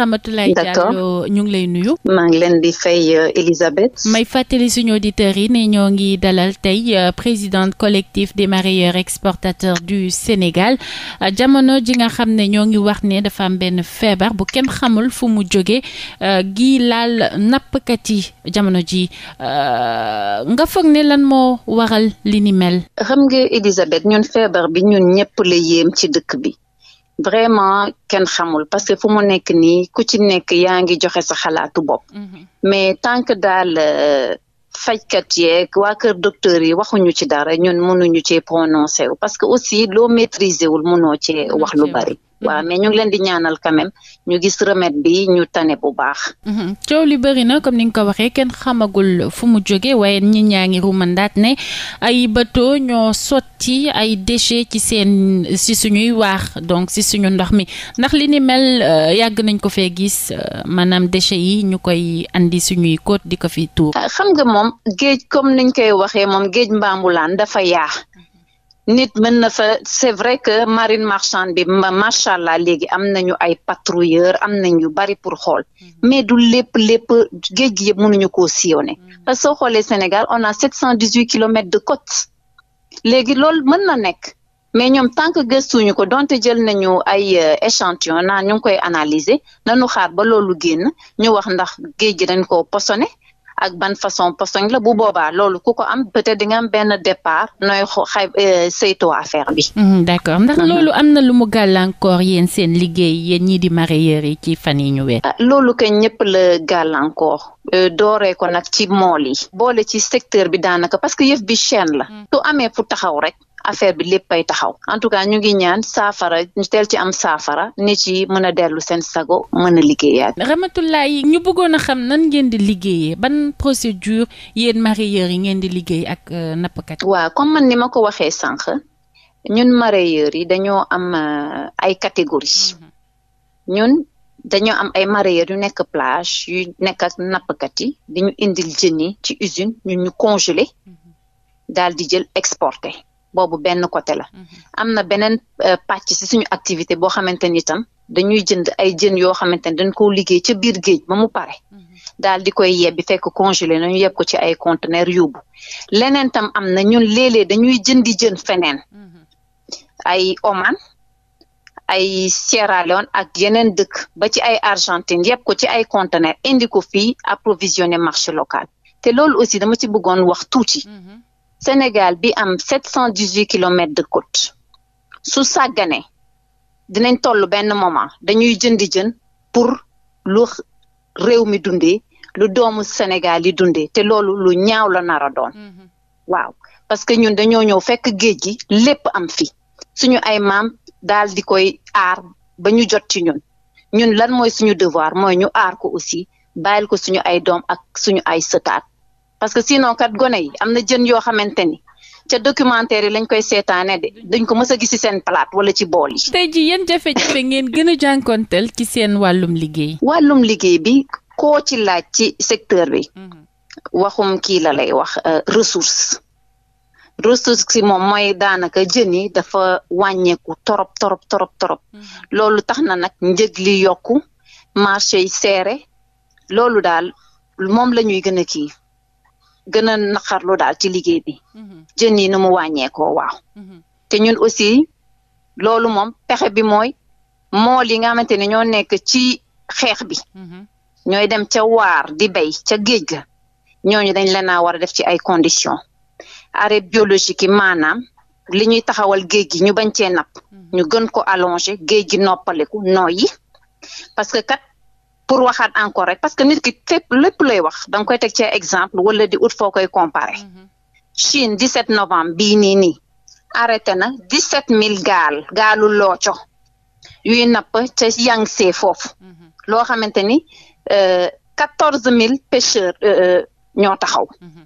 Ramatoulaye Diallo ñu ngi lay nuyu. maa ngi leen di fay euh, Elisabeth. may fàttali suñu auditeurs yi ne ñoo ngi dalal tey euh, présidente collectif des mareyeurs exportateurs du Sénégal euh, jamono ji nga xam ne ñoo ngi wax ne dafa am benn feebar bu kenn xamul fu mu jóge gi laal nappkat yi jamono ji nga foog ne lan moo waral li ni mel. xam nga Elisabeth ñun feebar bi ñun ñëpp la yéem ci dëkk bi. vraiment kenn xamul parce que fu mu nekk nii ku ci nekk yaa ngi joxe sa xalaatu bopp. Mm-hmm. mais tant que daal euh, fajkat yeeg waa kër docteur yi waxuñu ci dara ñun ñu cee prononcé parce que aussi loo maîtriser wul mënoo cee wax lu bari. waaw mhm. mais ñu ngi leen di ñaanal quand ñu gis remède bi ñu tane bu baax. Mhm. coow li bëri na comme ni nga ko waxee kenn xamagul fu mu jóge waaye ñi ñaa ngi rumandaat ne ay bateau ñoo sotti ay déchets ci seen si suñuy waax donc si suñu ndox mi ndax li ni mel euh, yàgg nañ ko fee gis euh, maanaam déchets yi ñu koy indi suñuy côte di ko fi tuur. Ah, xam nga moom géej comme niñ koy waxee moom géej mbaambulaan dafa yaax nit mën na fa c'est vrai que marine marchande bi macha allah léegi am nañu ay patrouilleur am nañu bari pour xool mm-hmm. mais du lépp lépp géej gi yëpp mënuñu koo sillonné mm-hmm. parce que soo xoolee Sénégal on a sept cent dix huit kilomètres de côte léegi loolu mën na nekk mais ñoom tant que gëstuñu ko donte jël nañu ay euh, échantillon na ñu ngi koy analyser nañu xaar ba loolu génn ñu wax ndax géej gi dañ koo posone ak ban façon postong la bu boobaa loolu ku ko am peut-être di nga am benn départ nooy xay euh, saito affaire bi. Mm-hmm, d'accord ndax mm-hmm. loolu am na lu mu gàllankoor yéen seen liggéey yéen ñii di mareyeur yi ci fan yi ñu weer. Ah, loolu kay ñëpp la gàllankoor. Euh, dooree ko nag ci mool yi. boole ci secteur bi daanaka parce que yëf bi chaîne la. Mm. su amee fu taxaw rek. affaire bi lépp ay taxaw en tout cas ñu ngi ñaan saafara ñu teel ci am saafara nit yi mën a dellu seen sago mën a liggéeyaat. Ramatoulaye ñu bëggoon a xam nan ngeen di liggéeyee ban procédure yéen mareyeurs yi ngeen di liggéey ak euh, nappkat. waa comme man ni ma ko waxee sànq ñun mareyeurs yi dañoo am euh, ay catégories mhm. ñun dañoo am ay mareyeurs yu nekk plage yu nekk ak nappkat yi di ñu indil jën yi ci usine ñun ñu congelé mhm. daal di jël exporté. boobu benn coté la mhm. am na beneen euh, pàcc ci suñu activité boo xamante ni itam dañuy jënd ay jën yoo xamante ni dañ ko liggéey ca biir géej ba mu pare mhm. daal di koy yebbi fekk congelé nañu yeb ko ci ay conteneur yóbbu leneen tam am na ñun léeg-léeg dañuy jëndi jën feneen mhm. Oman ay Sierra ak yeneen dëkk ba ci ay Argentine yeb ko ci ay conteneur indi ko fii approvisionner marché local te loolu aussi dama ci bëggoon wax tuuti. Sénégal bi am sept cent dix kilomètres de côte su sàggane dinañ toll benn moment dañuy jëndi jën pour lu réew mi dundee lu doomu Sénégal yi dundee te loolu lu ñaaw la nar a doon mm-hmm. waaw parce que ñun dañoo ñëw fekk géej gi lépp am fi suñu ay maam daal di koy aar ba ñu jot ci ñun ñun lan mooy suñu devoir mooy ñu aar ko aussi bàyyil ko suñu ay doom ak suñu ay sëtaat parce que sinon kat gone yi am na jën yoo xamante ni ca documentaire yi lañ koy seetaane de dañ ko mës a gis ci seen palaat wala ci bool yi. tey jii yéen jafe-jafe ngeen gën a jànkonteel ci seen wàllum liggéey. wàllum liggéey bi koo ci laaj ci secteur bi. Mhm. waxum kii la lay wax euh, ressource. ressource si moom mooy daanaka jën yi dafa wàññeeku torop torop torop torop. Mhm. loolu tax na nag njëg li yokku marché yi seere loolu daal moom la ñuy gën a kii. gën a naqarlu daal ci liggéey bi mhm. jën yi nu mu wàññeekoo waaw mhm. te ñun aussi loolu moom pexe bi mooy moo li nga xamante ne ñoo nekk ci xeex bi mhm. ñooy dem ca waar di béy ca géej ga ñooñu dañ leen a war a def ci ay conditions arrêt biologique yi maanaam li ñuy taxawal géej gi ñu bañ cee napp ñu gën ko allonger géej gi noppaleku nooyi parce que kat pour waxaat encore rek parce que nit ki fépp lépp lay wax da koy teg ci exemple wala di ut foo koy comparer. Mhm. Chine 17 novembre bii nii nii arrêté na mille gaal gaalu looco yuy napp ca Yangtze foofu mhm. loo xamante ni 14000 euh, pêcheurs euh, euh, ñoo taxaw mhm.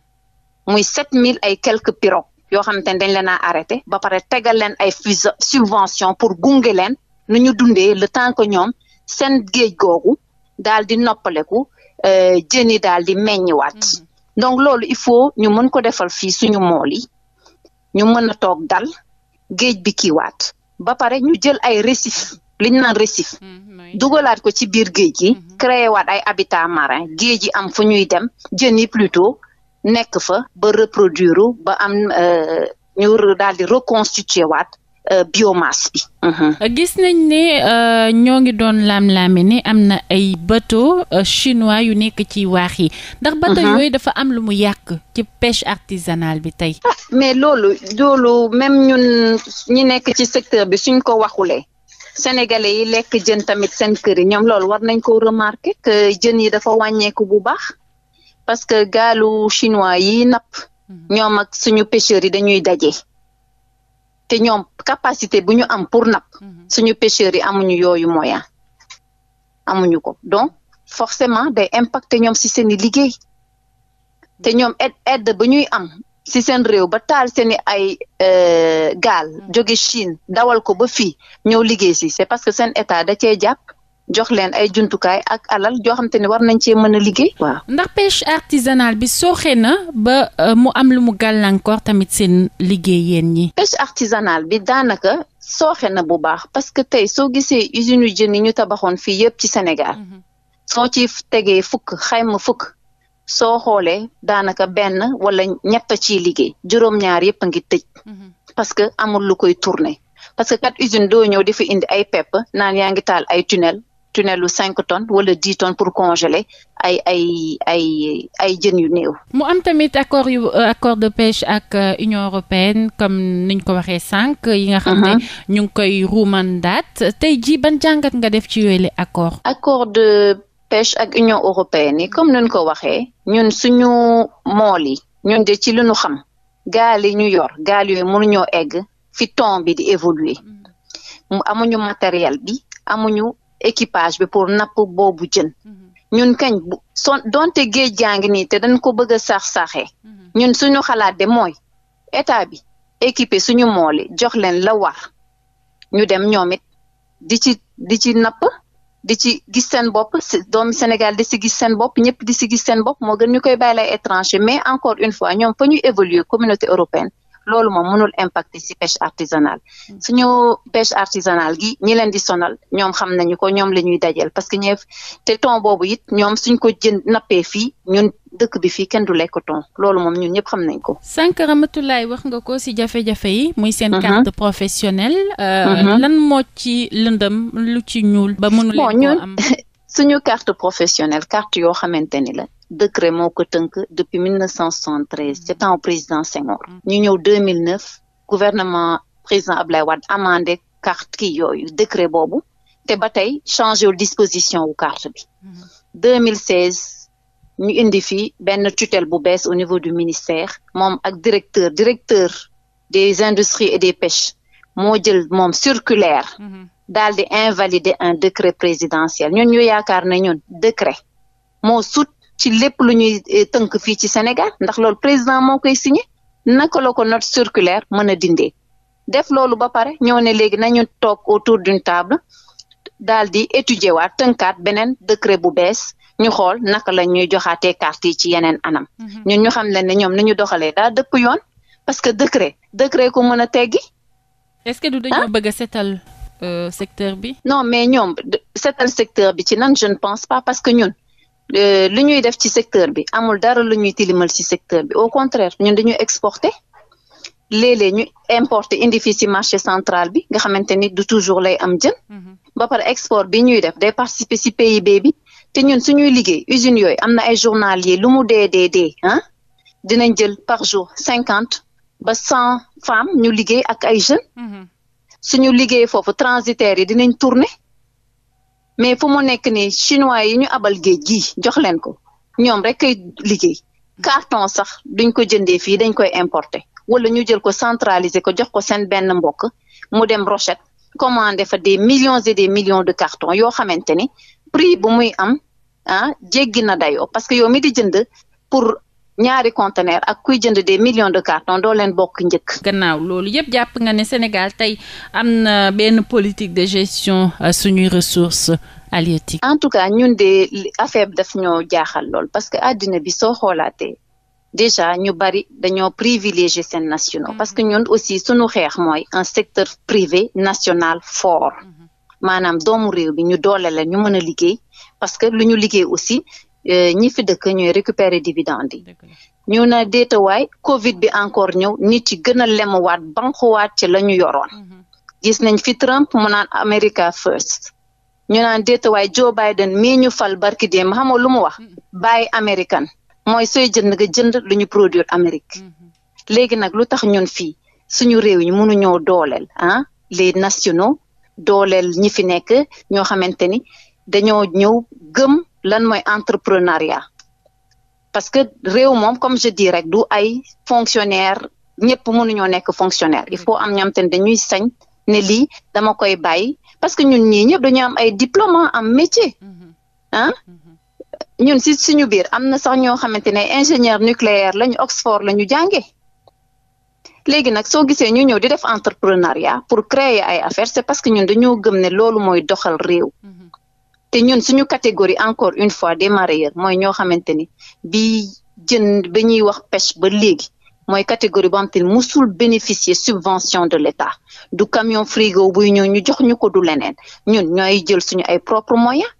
muy mille ay quelques pirogues yoo xamante ni dañ leen a arrêté ba pare tegal leen ay subvention pour gunge leen nu ñu dundee le temps que ñoom seen géej googu. daal di noppaleku euh, jën yi daal di meññiwaat mm-hmm. donc loolu il faut ñu mën ko defal fii suñu mool yi ñu mën a toog dal géej bi kiiwaat ba pare ñu jël ay récif li ñu naan récif mm-hmm, dugalaat ko ci biir géej gi mm-hmm. créé waat ay habitat marin géej yi am fu ñuy dem jën yi plutôt nekk fa ba reproduire ba am euh, ñu daal di reconstituer waat Euh, biomasse bi. Mhm. Euh, gis nañ ne euh, ñoo ngi doon laam-laame ni am na ay bateau chinois yu nekk ci waax yi. ndax bateau mhm. yooyu dafa am lu mu yàq ci pêche artisanale bi tey. Ah, mais loolu loolu même ñun ñi nekk ci secteur bi suñ ko waxulee. sénégalais yi lekk jën tamit seen kër yi ñoom loolu war nañ ko remarquer que jën yi dafa wàññeeku bu baax parce que gaalu chinois yi napp mhm. ñoom ak suñu pêcheurs yi dañuy daje. te ñoom capacité bu ñu am pour napp mhm. suñu pêcheurs yi amuñu yooyu moyen amuñu ko donc forcément day impacter ñoom si seen i liggéey te mhm. ñoom aide aide ñuy am si seen réew ba taal seen i ay euh, gaal mhm. jóge Chine dawal ko ba fii ñëw liggéey si c'est parce que seen état da cee jàpp jox leen ay jumtukaay ak alal joo xam ne war nañ cee mën a liggéey waaw. ndax pêche artisanale bi sooxee na ba euh, mu am lu mu gàllankoor tamit seen liggéey yéen ñi. pêche artisanale bi daanaka sooxe na bu baax parce que tey soo gisee usine yu jën yi ñu tabaxoon fii yëpp ci Sénégal mhm. soo ci tegee fukk xayma fukk. soo xoolee daanaka benn wala ñett ciy liggéey juróom-ñaar yëpp a ngi tëj mhm. parce que amul lu koy tourner parce que kat usine doo ñëw di fi indi ay pepp naan yaa ngi taal ay tunnel tunnelu cinq tonnes wala dix tonnes pour congeler ay ay ay ay jën yu néew. mu am tamit accord yu euh, de pêche ak euh, Union européenne comme niñ ko waxee sànq. yi nga xam ne uh-huh. ñu ngi koy ruumandaat tey jii ban jàngat nga def ci yooyu accord. accord de pêche ak Union européenne yi comme niñ ko waxee ñun suñu mool yi ñun de ci li ñu xam gaal yi ñu yor gaal yooyu mënuñoo egg fi ton bi di évoluer mm-hmm. amuñu matériel bi amuñu équipage bi pour napp boobu jën ñun kañ bu son donte géej gaa ngi nii te dañ ko bëgg sax saxe ñun suñu xalaat de mooy état bi équipé suñu mool yi jox leen la war ñu dem ñoom it di ci di ci napp di ci gis seen bopp doomi Sénégal di si gis seen bopp ñëpp di si gis seen bopp moo gën ñu koy bàyyi lay étranger mais encore une fois ñoom fa ñu évoluer communauté européenne loolu moom mënul impacter si pêche artisanale mm. suñu pêche artisanale gi ñi leen di sonal ñoom xam nañu ko ñoom la ñuy dajeel parce que ñëw te ton boobu it ñoom suñ ko jën nappee fii ñun dëkk bi fii kenn du lekk ton loolu moom ñun ñëpp xam nañ ko. sànq Ramatoulaye wax nga ko ci jafe-jafe yi. muy seen mm-hmm. carte professionnelle. Euh, mm-hmm. lan moo ci lëndam lu ci ñuul. ba mënu leen ko am suñu carte professionnelle carte yoo xamante ni la décret moo ko tënk depuis 1973 ci temps président Senghor. Mm. ñu ñëw 2009 gouvernement président Ablaye Wade amandé carte kii yooyu décret boobu te ba tey changé wul disposition wu carte bi. 2016 mm. ñu indi fi benn tutelle bu bees au niveau du ministère moom ak directeur directeur des industries et des pêches moo jël moom circulaire. Mm-hmm. daal di invalider un décret présidentiel ñun ñu yaakaar ne ñun décret moo sut ci lépp lu ñuy eh, tënk fii ci Sénégal ndax lool président moo koy signé naka la ko not circulaire mën a dindee def loolu ba pare ñoo ne léegi nañu toog autour d'une table daal di étudier waat tënkaat beneen décret bu bees ñu xool naka la ñuy joxaatee carte yi ci yeneen anam. Mhm. ñun ñu xam leen ne ñoom ni ñu doxalee daa dëpp yoon parce que décret décret ko mën a teggi. est-ce que du dañoo bëgg a seetal euh, secteur bi. non mais ñoom seetal secteur bi ci nan je ne pense pas parce que ñun. Euh, lu ñuy def ci secteur bi amul dara lu ñuy tilimal ci secteur bi au contraire ñun dañuy exporter léeg-léeg ñu importer indi fii ci marché central bi nga xamante ni du toujours lay am jën mhm. ba pare export bi ñuy def day participer ci PIB bi te ñun suñuy liggéey usines yooyu am na ay journalier lu mu dee dee dee ah dinañ jël par jour cinquante ba cent femmes ñu liggéey ak ay jeunes mhm. suñu liggéey foofu transitaires yi dinañ tourner mais fu mu nekk nii chinois yi ñu abal géej gii jox leen ko ñoom rek kay liggéey carton sax duñ ko jëndee fii dañ koy importer wala ñu jël ko centraliser ko jox ko seen benn mbokk mu dem Rochette commander fa des millions et des millions de cartons yoo xamante ni prix bu muy am ah jéggi na dayoo parce que yow mi di jënd pour ñaari conteneur ak kuy jënd des million de cartons doo leen bokk njëkk. gannaaw loolu yëpp jàpp nga ne Sénégal tey am na benn politique de gestion euh, suñuy ressources halieutiques. en tout cas ñun de affaire bi daf ñoo jaaxal lool parce que àddina bi soo xoolaatee déjà ñu bari dañoo privilégier seen nationaux. Mm parce que ñun aussi suñu xeex mooy un secteur privé national fort. Mm-hmm. maanaam doomu réew bi ñu doole la ñu mën a liggéey parce que lu ñu liggéey aussi Euh, ñi fi dëkk ñooy récupérer dividende yi ñu na déetawaay covid bi encore ñëw nit yi gën a lemuwaat banquwaat ci la ñu yoroon mm-hmm. gis nañ fi Trump mu naan America first ñu naan déetawaay Joe Biden mii ñu fal barki démb xam lu mu wax mm-hmm. buy American mooy sooy jënd nga jënd lu ñu produire Amérique mm-hmm. léegi nag lu tax ñun fii suñu réew yi mënuñoo dooleel ah les nationaux dooleel ñi fi nekk ñoo xamante ni dañoo ñëw gëm lan mooy entrepreneuriat parce que réew moom comme je dis rek du ay fonctionnaire ñëpp mënuñoo nekk fonctionnaire il faut am ñoom tamit dañuy sañ ne lii dama koy bàyyi parce que ñun ñii ñëpp dañu am ay diplôme am métier ah ñun si suñu biir am na sax ñoo xamante ne ingénieur nucléaire lañu Oxford la ñu jàngee léegi nag soo gisee ñu ñëw di def entrepreneuriat pour créer ay affaires c'est parce que ñun dañoo gëm ne loolu mooy doxal réew te ñun suñu catégorie encore une fois des mareyeurs mooy ñoo xamante ni bii jën ba wax pêche ba léegi mooy catégorie boo mosul te bénéficier subvention de l'État du camion frigo buy ñëw ñu jox ñu ko du leneen ñun ñooy jël suñu ay propre moyen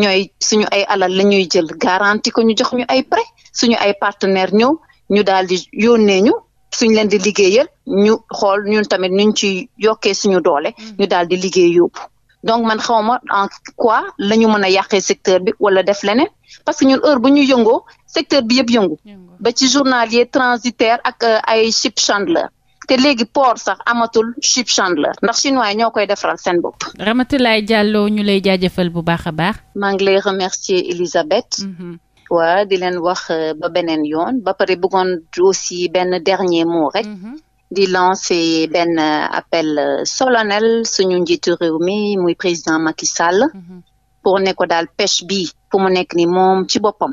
ñooy suñu ay alal la ñuy jël garantie ko ñu jox ñu ay prêt suñu ay partenaire ñëw ñu daal di yónnee ñu suñ leen di liggéeyal ñu xool ñun tamit ñuñ ciy yokkee suñu doole mm. ñu daal di liggéey yóbbu donc man xaw ma en quoi la ñu mën a yàqee secteur bi wala def leneen parce que ñun heure bu ñu yëngoo secteur bi yëpp yëngu ba ci journalier transitaire ak euh, ay ship chandler te léegi port sax amatul ship chandler ndax chinois yi ñoo koy defaral seen bopp. Ramatoulaye Diallo ñu lay jaajëfal bu baax a baax. maa ngi lay remercier Elisabeth. Mm-hmm. waa di leen wax euh, ba beneen yoon ba pare bëggoon aussi benn dernier mot rek. Mm-hmm. di lancer benn appel solennel suñu njiitu réew mi muy président Macky Sall. Mhm. pour ne ko daal pêche bi pour mu nekk ni moom ci boppam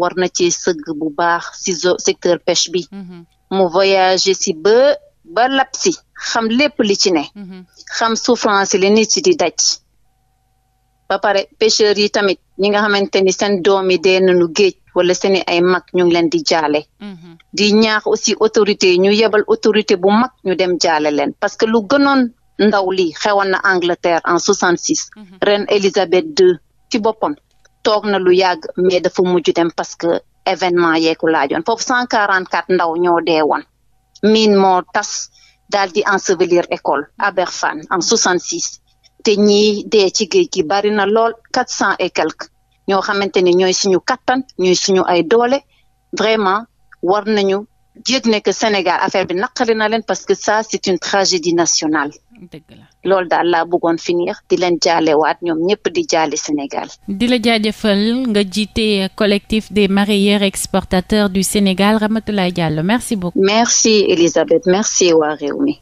war na ci sëgg bu baax si secteur pêche bi. Mhm. mu voyager si ba ba lap si xam lépp li ci ne. Mhm. xam souffrance li nit ci di daj. ba pare pêcheurs yi tamit ñi nga xamante ni sen doom yi na nañu géej. wala seeni ay mag ñu ngi leen di jaale mm-hmm. di ñaax aussi autorité ñu yebal autorité bu mag ñu dem jaale leen parce que lu gënoon ndaw lii xewoon na Angleterre en soixante six mm-hmm. reine Élisabeth II ci boppam toog na lu yàgg mais dafa mujj dem parce que événement yeeku laajoon foofu cent quarante quatre ndaw ñoo dee woon miin moo tas daal di ensevelir école Aberfan en soixante six te ñii dee ci géej gi lool quatre cent et quelques ñoo xamante ne ñooy suñu kattan ñooy suñu ay doole vraiment war nañu yëg ne que Sénégal affaire bi naqari na leen parce que ça c'est une tragédie nationale. dëgg la loolu daal laa bëggoon finir di leen jaalewaat ñoom ñëpp di jaale Sénégal. di la jaajëfal nga jiite collectif des mareyeurs exportateurs du Sénégal Ramatoulaye Diallo merci beaucoup. merci Elisabeth merci waa Rewmi.